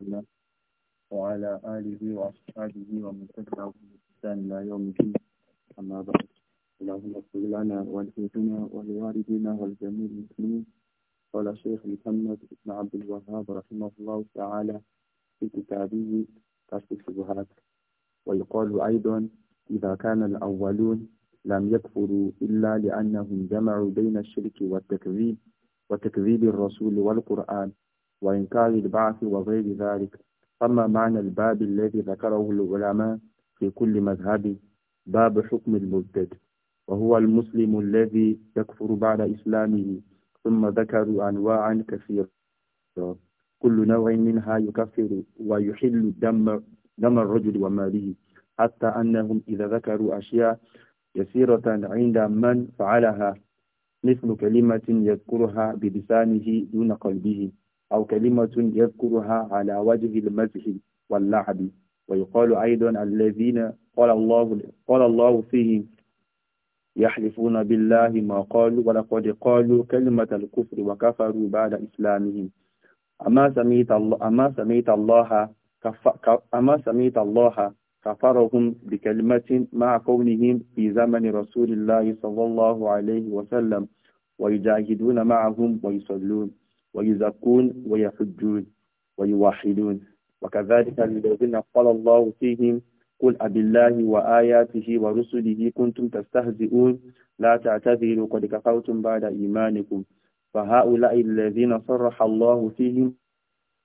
الله وعلى آله وأصحابه ومن تبعهم بإحسان إلى يوم الدين أما بعد اللهم اغفر لنا ولجدنا ولوالدينا ولجميع المسلمين قال الشيخ محمد بن عبد الوهاب رحمه الله تعالى في كتابه كشف الشبهات ويقال أيضا إذا كان الأولون لم يكفروا إلا لأنهم جمعوا بين الشرك والتكذيب وتكذيب الرسول والقرآن وإنكار البعث وغير ذلك أما معنى الباب الذي ذكره العلماء في كل مذهب باب حكم المرتد وهو المسلم الذي يكفر بعد إسلامه ثم ذكروا أنواعا كثيرة كل نوع منها يكفر ويحل دم دم الرجل وماله حتى أنهم إذا ذكروا أشياء يسيرة عند من فعلها مثل كلمة يذكرها بلسانه دون قلبه أو كلمة يذكرها على وجه المزح واللعب ويقال أيضا الذين قال الله قال الله فيهم يحلفون بالله ما قالوا ولقد قالوا كلمة الكفر وكفروا بعد إسلامهم أما سميت الله أما سميت الله كف أما سميت الله كفرهم بكلمة مع كونهم في زمن رسول الله صلى الله عليه وسلم ويجاهدون معهم ويصلون ويزكون ويحجون ويوحدون وكذلك الذين قال الله فيهم قل أب الله وآياته ورسله كنتم تستهزئون لا تعتذروا قد كفرتم بعد إيمانكم فهؤلاء الذين صرح الله فيهم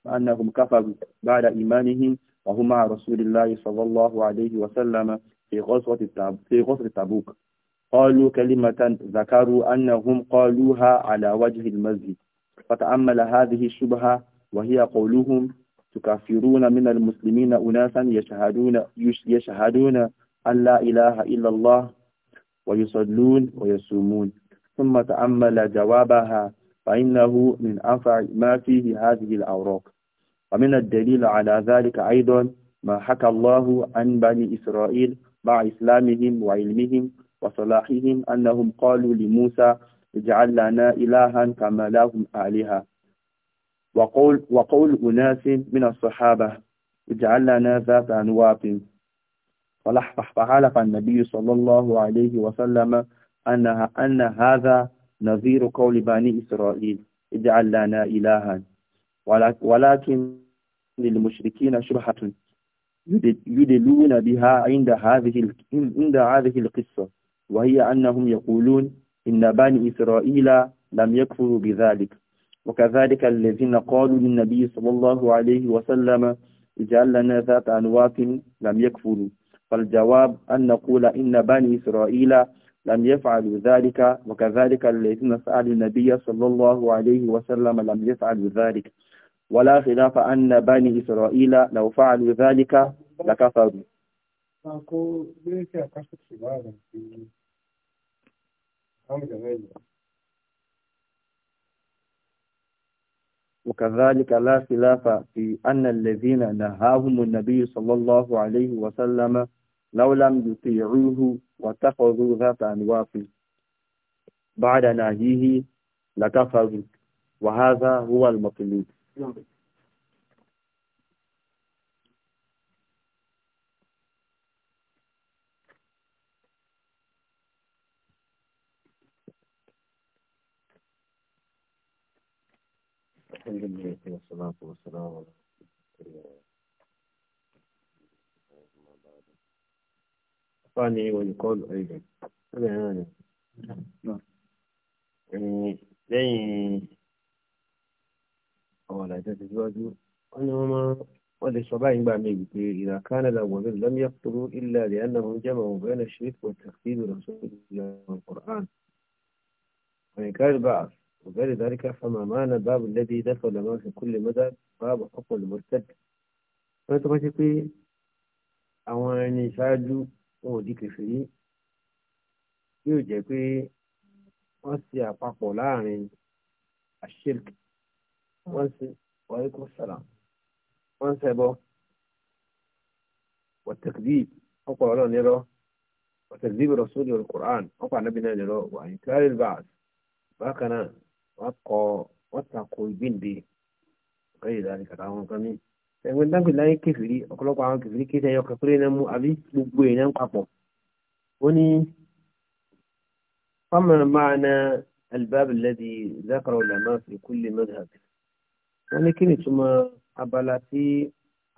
أنهم كفروا بعد إيمانهم وهم مع رسول الله صلى الله عليه وسلم في غزوة في غزوة تبوك قالوا كلمة ذكروا أنهم قالوها على وجه المسجد فتأمل هذه الشبهة وهي قولهم تكافرون من المسلمين أناسا يشهدون, يشهدون أن لا إله إلا الله ويصلون ويصومون ثم تأمل جوابها فإنه من أنفع ما فيه هذه الأوراق ومن الدليل على ذلك أيضا ما حكى الله عن بني إسرائيل مع إسلامهم وعلمهم وصلاحهم أنهم قالوا لموسى اجعل لنا إلها كما لهم آلهة وقول, وقول أناس من الصحابة اجعل لنا ذات أنواب فعلق النبي صلى الله عليه وسلم أن, أن هذا نظير قول بني إسرائيل اجعل لنا إلها ولكن للمشركين شبهة يدلون بها عند هذه عند هذه القصة وهي أنهم يقولون إن بني إسرائيل لم يكفروا بذلك وكذلك الذين قالوا للنبي صلى الله عليه وسلم اجعل لنا ذات أنواط لم يكفروا فالجواب أن نقول إن بني إسرائيل لم يفعلوا ذلك وكذلك الذين سألوا النبي صلى الله عليه وسلم لم يفعلوا ذلك ولا خلاف أن بني إسرائيل لو فعلوا ذلك لكفروا وكذلك لا خلاف في أن الذين نهاهم النبي صلى الله عليه وسلم لو لم يطيعوه واتخذوا ذات أنواف بعد نهيه لكفروا وهذا هو المطلوب نعم. الحمد لله والصلاة والسلام على رسول الله أيضا هذا يعني أولا أنهما إذا كان الأولين لم يقتلوا إلا لأنهم جمعوا بين الشرك والتخفيف والرسول وإن يعني كان بعض وغير ذلك فما معنى الباب الذي دخل ما في كل مذهب باب حكم المرتد wọ́n tó bá ṣe pé àwọn ẹni ṣáájú wọn ò di kèfèrí yóò jẹ́ pé wọ́n ṣe àpapọ̀ láàrin àṣírk wọ́n ṣe wàhíkú sàlám wọ́n ń ṣẹbọ wàtẹ̀kìdì ọ̀pọ̀ ọlọ́run nírọ́ wàtẹ̀kìdì rọ̀ṣọ́lì ọ̀rọ̀ kùrán ọ̀pọ̀ ànábìnrin nírọ́ wà ní kárìlbáàs bákan náà wọ́n kọ wọ́n tako ìgbìnde ọ̀kẹ́ ìdáni kàtà àwọn nǹkan míì ẹ̀wọ̀n dábì láyé kẹfìrí ọ̀pọ̀lọpọ̀ àwọn kẹfìrí kéde ẹyọ kan péré náà mú àbí gbogbo èèyàn papọ̀ ó ní fámọ̀ máa na الباب الذي ذكره العلماء في كل مذهب يعني كني ثم أبلاتي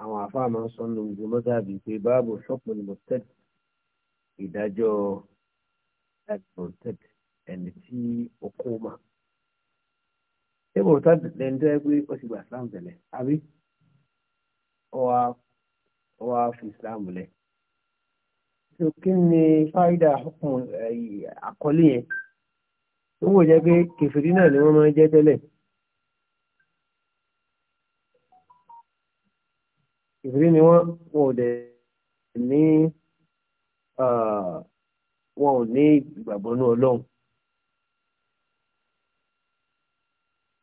أو عفا من صنم مذهبي في باب حكم المرتد إذا جو المرتد أن في حكومة ṣé kò tá lẹ́ni tó yẹ islam tẹ̀lẹ̀ àbí ọwà ọwà fi islam lẹ̀ so kí ni fáyidà ọkùn àkọlé yẹn tó wò jẹ́ pé kẹfìrí náà ni wọ́n máa ń jẹ́ kẹfìrí ni wọ́n wọn ò dẹ̀ ní wọn ò ní ìgbàgbọ́ ní ọlọ́run.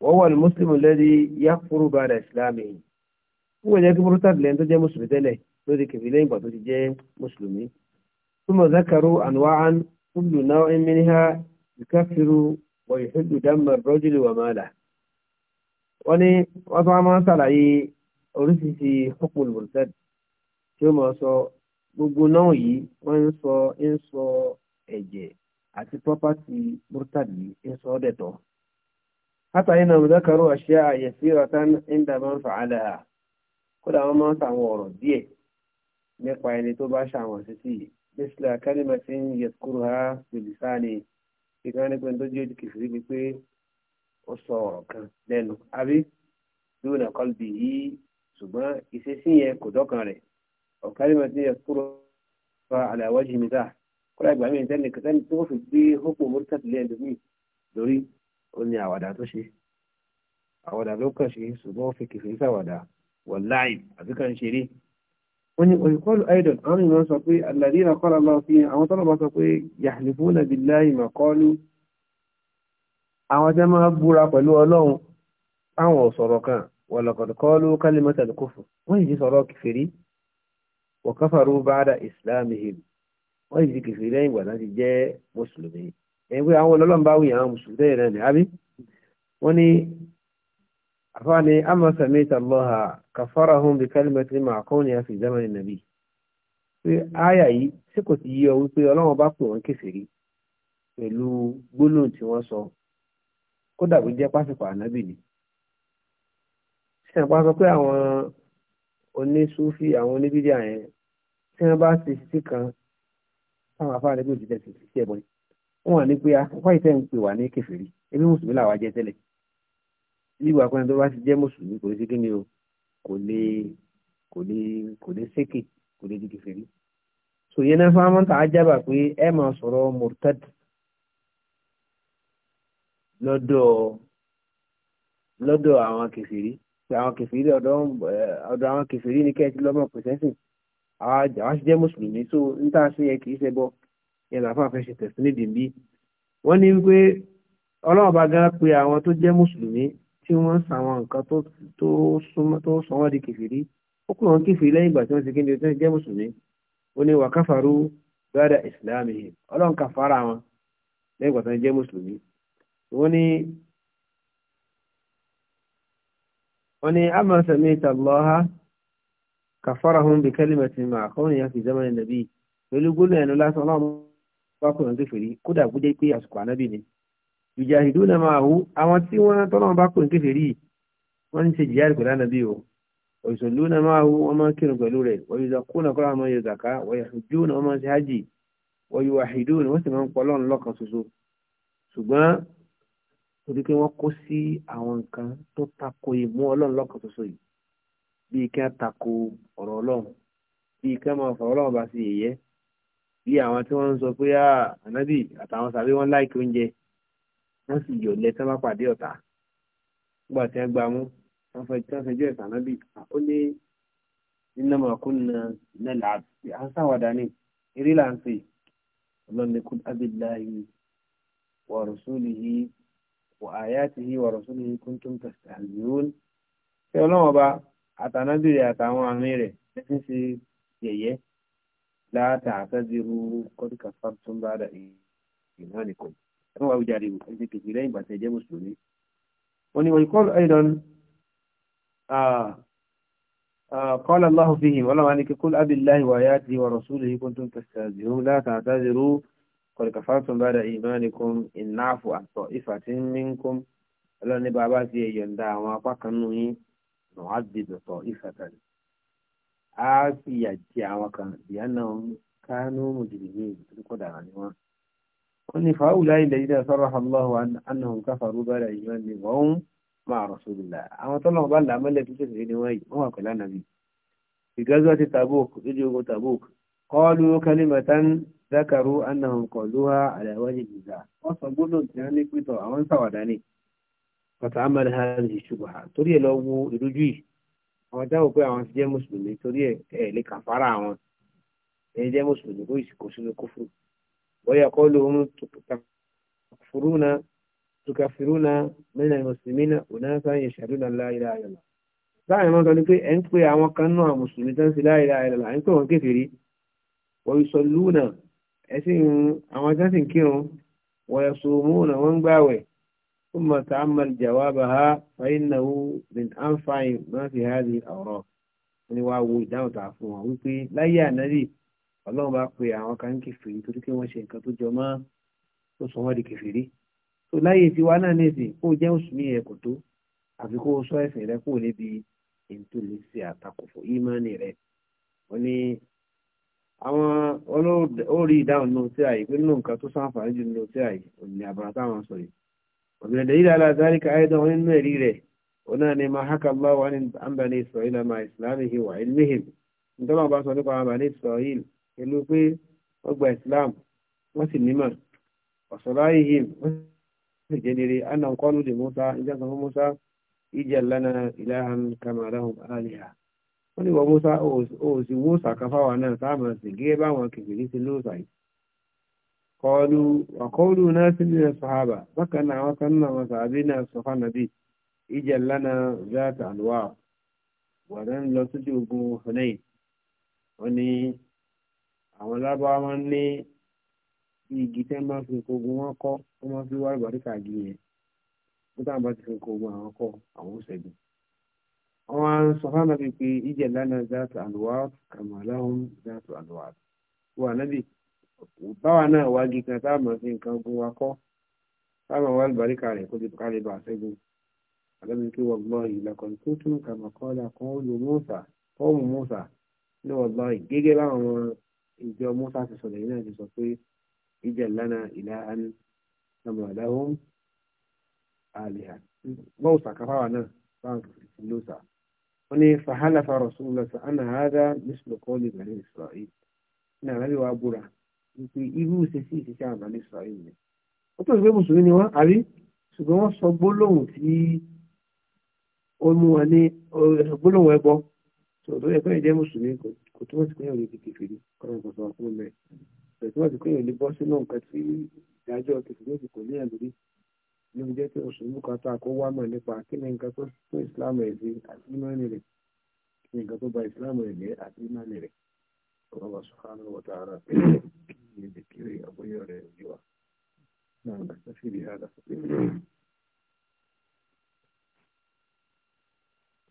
wọ́n wà ní mùsùlùmí lẹ́rí yàkúrú bá rẹ̀ ìsìlámù yìí fún wọn jẹ́ kí murtad lẹ́yìn tó jẹ́ mùsùlùmí tẹ́lẹ̀ lórí kẹfì lẹ́yìn ìgbà tó ti jẹ́ mùsùlùmí túmọ̀ zakaru anwa'an kullu naw'in minha yukafiru wa yuhillu damma ar-rajuli wa mala wọ́n ní wọ́n tó máa ń sàlàyé oríṣiríṣi hukmul murtad tí ó máa sọ gbogbo náà yìí wọ́n ń sọ ń sọ ẹ̀jẹ̀ àti property murtad yìí ń sọ ọ́ dẹ̀tọ̀ hátà iná mọ̀dákàrò àṣẹ àyẹ̀sí ọ̀tá ìdá máa ń fà á dáa kódà wọ́n máa ń sàwọn ọ̀rọ̀ díẹ̀ nípa ẹni tó bá ṣàwọn títí nísìlẹ̀ akálímà tí ń yẹ kúrò ha bìbìsá ni ìkan nípa tó jẹ́ òdì kìfìrí bíi pé ó sọ ọ̀rọ̀ kan lẹ́nu àbí yóò nà kọ́ bì í ṣùgbọ́n ìṣesí yẹn kò dọ́kan rẹ̀ ọ̀kálímà tí ń yẹ kúrò fa àlàwọ́ jìmìtà kódà ìgbà mi ìtẹ́nìkan tó fi gbé hópò mọ́tàtìlẹ́ẹ̀dọ́mì lórí ó ní àwàdà tó ṣe àwàdà ló kàn ṣe ṣùgbọ́n ó fi kìfì sàwàdà wàláì àti kàn ṣe rí wọ́n ní olùkọ́lù aidan àwọn ìran sọ pé alàdí ìràkọ́lá lọ fi àwọn tọ́lọ̀ bá sọ pé yahlifuna billahi ma qalu àwọn tẹ́ máa búra pẹ̀lú ọlọ́run táwọn ò sọ̀rọ̀ kan wa laqad qalu kalimatal kufr wọ́n yìí sọ̀rọ̀ kìfèrí wa kafaru ba'da islamihim wọ́n yìí kìfèrí lẹ́yìn ìgbà láti jẹ́ mùsùlùmí ẹ̀yìn pé àwọn ọlọ́lọ́mbà wí àwọn mùsùlùmí tẹ́yẹ̀ náà ni àbí wọ́n ní àfáà ni amma sàmẹ́ta lọ́ha kàfàrà hún bí kálímẹ́tì máa kọ́ ní àfi ìdámẹ́rin nàbí pé áyà yìí tí kò ti yí ọ wípé ọlọ́wọ́n bá pè wọ́n kèfèrí pẹ̀lú gbólóhùn tí wọ́n sọ kódà bó jẹ́ pásìkò ànábì ni sẹ́yìn pásọ pé àwọn onísúfì àwọn oníbídíà yẹn tí wọ́n bá ti sí kan táwọn afáà níbi òjì wọn ní pé afọ́fá ah, ìtẹ́ ń pè wá ní kẹfìrí ebi mùsùlùmí làwa jẹ́ tẹ́lẹ̀ nígbà kan tó bá ti jẹ́ mùsùlùmí kò sí kíni o kò lè kò lè kò lè sékè kò lè di kẹfìrí so yẹn náà fún amọ́ta ajábà pé ẹ máa sọ̀rọ̀ murtad lọ́dọ̀ lọ́dọ̀ àwọn kẹfìrí pé àwọn kẹfìrí ọ̀dọ̀ ọ̀dọ̀ àwọn kẹfìrí ni kẹ́ ẹ ti lọ́mọ pẹ̀sẹ́sìn àwọn àjẹ́ mùsùlùmí so níta ṣe yẹ kì í ṣe bọ́ yẹn làáfà fẹ́ ṣe tẹ̀sí nídìí bí wọ́n ní wípé ọlọ́run bá gan pé àwọn tó jẹ́ mùsùlùmí tí wọ́n ń sàwọn nǹkan tó sọ wọ́n di kìfìrí ó kù wọ́n kìfìrí lẹ́yìn ìgbà tí wọ́n ti kí ni tó jẹ́ mùsùlùmí ó ní wà káfàrú gbádà ìsìláàmù yìí ọlọ́run kà fara wọn lẹ́yìn ìgbà tí wọ́n jẹ́ mùsùlùmí wọ́n ní wọ́n ní àmọ́ sẹ̀mí ìtàlọ́ha kàfàrà hun bí kẹ́límẹ̀tì mà àkọ́wọ́n yẹn fi zẹ́mọ̀ nàbí pẹ̀lú gbólóyìn lásán ọlọ́run pákùnrin kéferì kódà kó jẹ́ pé àsìkò ànábì ni ìjàhìdú náà máa hù àwọn tí wọ́n tọ́nà pákùnrin kéferì wọ́n ń ṣe jìyàrí pẹ̀lú ànábì o òṣèlú náà máa hù wọ́n máa kírun pẹ̀lú rẹ̀ wọ́yọ̀ kúnà kọ́ra àwọn yóò zàká wọ́yọ̀ ojú náà máa ṣe hájì wọ́yọ̀ àhìdú ni wọ́n sì máa ń pọ̀ lọ́run lọ́kan ṣoṣo ṣùgbọ́n torí pé wọ́n kó sí àwọn nǹkan tó tako ìmú ọlọ́run lọ́kan ṣoṣo yìí bíi kí wọ́n tako ọ̀rọ̀ ọlọ́run bíi kí wọ́n bí àwọn tí wọ́n ń sọ pé ah, ànábì àtàwọn sàbí wọn láìkí oúnjẹ wọ́n sì yọ̀ lẹ́ tán bá pàdé ọ̀tá nígbà tí wọ́n gbà mú wọ́n fẹ́ tí wọ́n fẹjọ́ ẹ̀sán ànábì ó ní iná máa kún ní nílà àti àṣàwàdà ni eré là ń sè ọlọ́ni kún abillahi wa rasulihi wa ayatihi wa rasulihi kuntum tastahzi'un ṣé ọlọ́wọ́n ọba àtànábì rẹ̀ àtàwọn àmì rẹ̀ ẹ ti ń ṣe yẹ̀yẹ́ láàtà àtẹ́zìrú kọ́díkà samson bára ìmánìkọ̀ ẹ̀fọ́ wa wíjà rèé ẹ̀jẹ̀ kejì lẹ́yìn ìgbà tẹ̀ jẹ́ mùsùlùmí. wọ́n ní wọ́n kọ́lù ẹ̀dọ́n kọ́lù aláhùn fi hìn ọlọ́wà ní kíkún abiláhi wà yá ti wà rọ̀súlù yìí kún tó ń tẹ̀sítàzìrú láàtà àtẹ́zìrú kọ́díkà samson bára ìmánìkọ̀ ìnáàfù àtọ̀ ìfàtínmínkùn ọlọ́ni bàbá ti ẹ̀yọ̀ǹda àwọn apá kan nù yín nù á fìyà jẹ àwọn kan ìyá náà ń kánú mùjìrìmí ìdúkọ̀ dàrà ni wọ́n. ó ní fàáwù láyé lẹ́yìn náà sọ́rọ̀ Allahu annahum kafaru ba'da imanihim wa hum ma'a rasulillah àwọn tọ́lọ̀ bá là mọ́lẹ̀ tó tẹ̀sẹ̀ ní wọ́n yìí wọ́n wà pẹ̀lú ànàbì. ìgájọ́ ti Tabuk lójú ogun Tabuk qalu kalimatan zakaru annahum qaluha ala wajhi wọ́n sọ gbọ́dọ̀ àwọn táwọn pé àwọn ti jẹ́ mùsùlùmí torí ẹ̀ ẹ̀ lè kàfàrà àwọn ẹ̀ jẹ́ mùsùlùmí kó ìsìnkú sínú kúfúrú wọ́yà kọ́ ló ń tukafuruna tukafuruna mẹ́nà mùsùlùmí náà òun náà sáyẹn ṣàdúrà láìra àyọ̀lá báyìí wọ́n sọ ni pé ẹ̀ ń pe àwọn kan náà mùsùlùmí tó ń ṣe láìra àyọ̀lá ẹ̀ ń pè wọ́n kékeré wọ́n sọ lúnà ẹ̀sìn àwọn tó ń kírun wọ́n yẹ ثم تعمل جوابها فإنه من أنفع ما في هذه الأوراق wọ́n ní wá wo ìdáhùn tá a fún wọn wípé láyé ànábì ọlọ́run bá pe àwọn kan kèfèrí torí pé wọ́n ṣe nǹkan tó jọ mọ́ tó sọ wọ́n di kèfèrí tó láyé tiwa náà nìsín kó jẹ́ mùsùlùmí ẹ̀ kò tó àfi kó sọ ẹ̀sìn rẹ kó níbi ètò lè ṣe àtakò fún ìmánì rẹ wọ́n ní àwọn olórí ìdáhùn náà tí àyè pé nínú nǹkan tó sáǹfààní jù nínú tí àyè òní àbúrò táwọn sọ yìí ومن الدليل على ذلك أيضا من مريره هنا ما حكى الله عن بني إسرائيل مع إسلامه وعلمهم عندما بعث عن بني إسرائيل يقولوا في أقبى إسلام وسلم وصلائهم جنري أنهم قالوا لموسى إن إذا موسى اجعل لنا إلها كما لهم آلهة wọ́n ní wọ́n Musa ó sì Musa káfáwa náà sáà máa قالوا وقولوا ناس من الصحابة بكنا وكنا وصحابينا الصحابة النبي إجل لنا ذات أنواع ولن لو تجوب حنين وني àwọn lábáwá máa ń ní igi tẹ́ máa fi kogun wọn kọ́ kogun àwọn kọ́ àwọn ṣẹ́gun. wọ́n á ń sọ báwa náà wá igi kan táwọn máa fi nǹkan gun wa kọ́ táwọn wá àlùbáríkà rẹ̀ kó lè ká lè bà ṣẹ́gun àlọ́bí kí wọ́n gbọ́ ìlẹ̀kùn tó tún kàmọ́kọ́lá kan ó lo mọ́sà fọ́ọ̀mù mọ́sà ní ọ̀gbọ́n gẹ́gẹ́ báwọn ìjọ mọ́sà ti sọ̀rọ̀ yìí náà ti sọ pé ìjẹ̀ lánà ìlà àní ọmọ ọ̀dáhùn àlìhà mọ́sà káfáwà náà báwọn kìí lóṣà wọ́n ní fàhálà fa rasulullah sọ àná àádá nísìlòkọ́ọ̀lì bẹ̀rẹ̀ ìsọ̀rọ̀ yìí ní wípé irú ìṣesí ìṣesí àwọn àbálẹ̀ ìṣòro yìí ó tó ìgbé mùsùlùmí ni wọ́n àrí ṣùgbọ́n wọ́n sọ gbólóhùn tí ó mú wọn ní gbólóhùn ẹbọ tó yẹ pé ìjẹ́ mùsùlùmí kò túmọ̀ sí pé èèyàn lè di kẹfìrí kọ́nà kò sọ fún mi kò túmọ̀ sí pé èèyàn lè bọ́ sínú nǹkan tí ìdájọ́ kẹfìrí ó sì kò ní ẹ̀lórí ní jẹ́ pé mùsùlùmí kan tó àkó wá mọ̀ nípa kí ni nǹkan tó fún ìsìláàmù ẹ̀ sí àti ìmọ̀ẹ́nì rẹ̀ kí ni nǹkan tó ba ìsìláàmù ẹ̀ lé àti ìmọ̀ẹ́nì rẹ̀ kọ́nà kò sọ fún mi لذكر أبوي ورعي نعم نكتفي بهذا